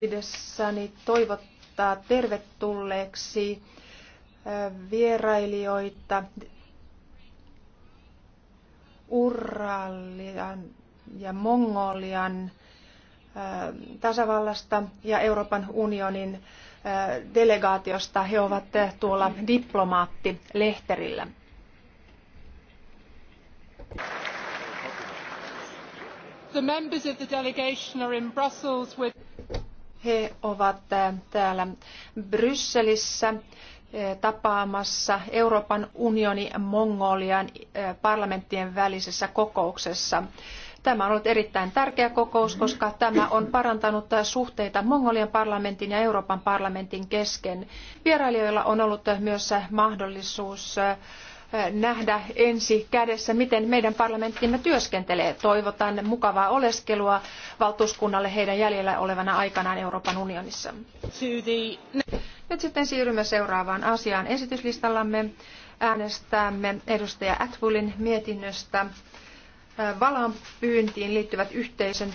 mielipidessäni toivottaa tervetulleeksi vierailijoita Urallian ja Mongolian tasavallasta ja Euroopan unionin delegaatiosta. He ovat tuolla diplomaattilehterillä. The members of the delegation are in Brussels with he ovat täällä Brysselissä tapaamassa Euroopan unionin Mongolian parlamenttien välisessä kokouksessa. Tämä on ollut erittäin tärkeä kokous, koska tämä on parantanut suhteita Mongolian parlamentin ja Euroopan parlamentin kesken. Vierailijoilla on ollut myös mahdollisuus nähdä ensi kädessä, miten meidän parlamenttimme työskentelee. Toivotan mukavaa oleskelua valtuuskunnalle heidän jäljellä olevana aikanaan Euroopan unionissa. Nyt sitten siirrymme seuraavaan asiaan esityslistallamme. Äänestämme edustaja Atwillin mietinnöstä valanpyyntiin liittyvät yhteisön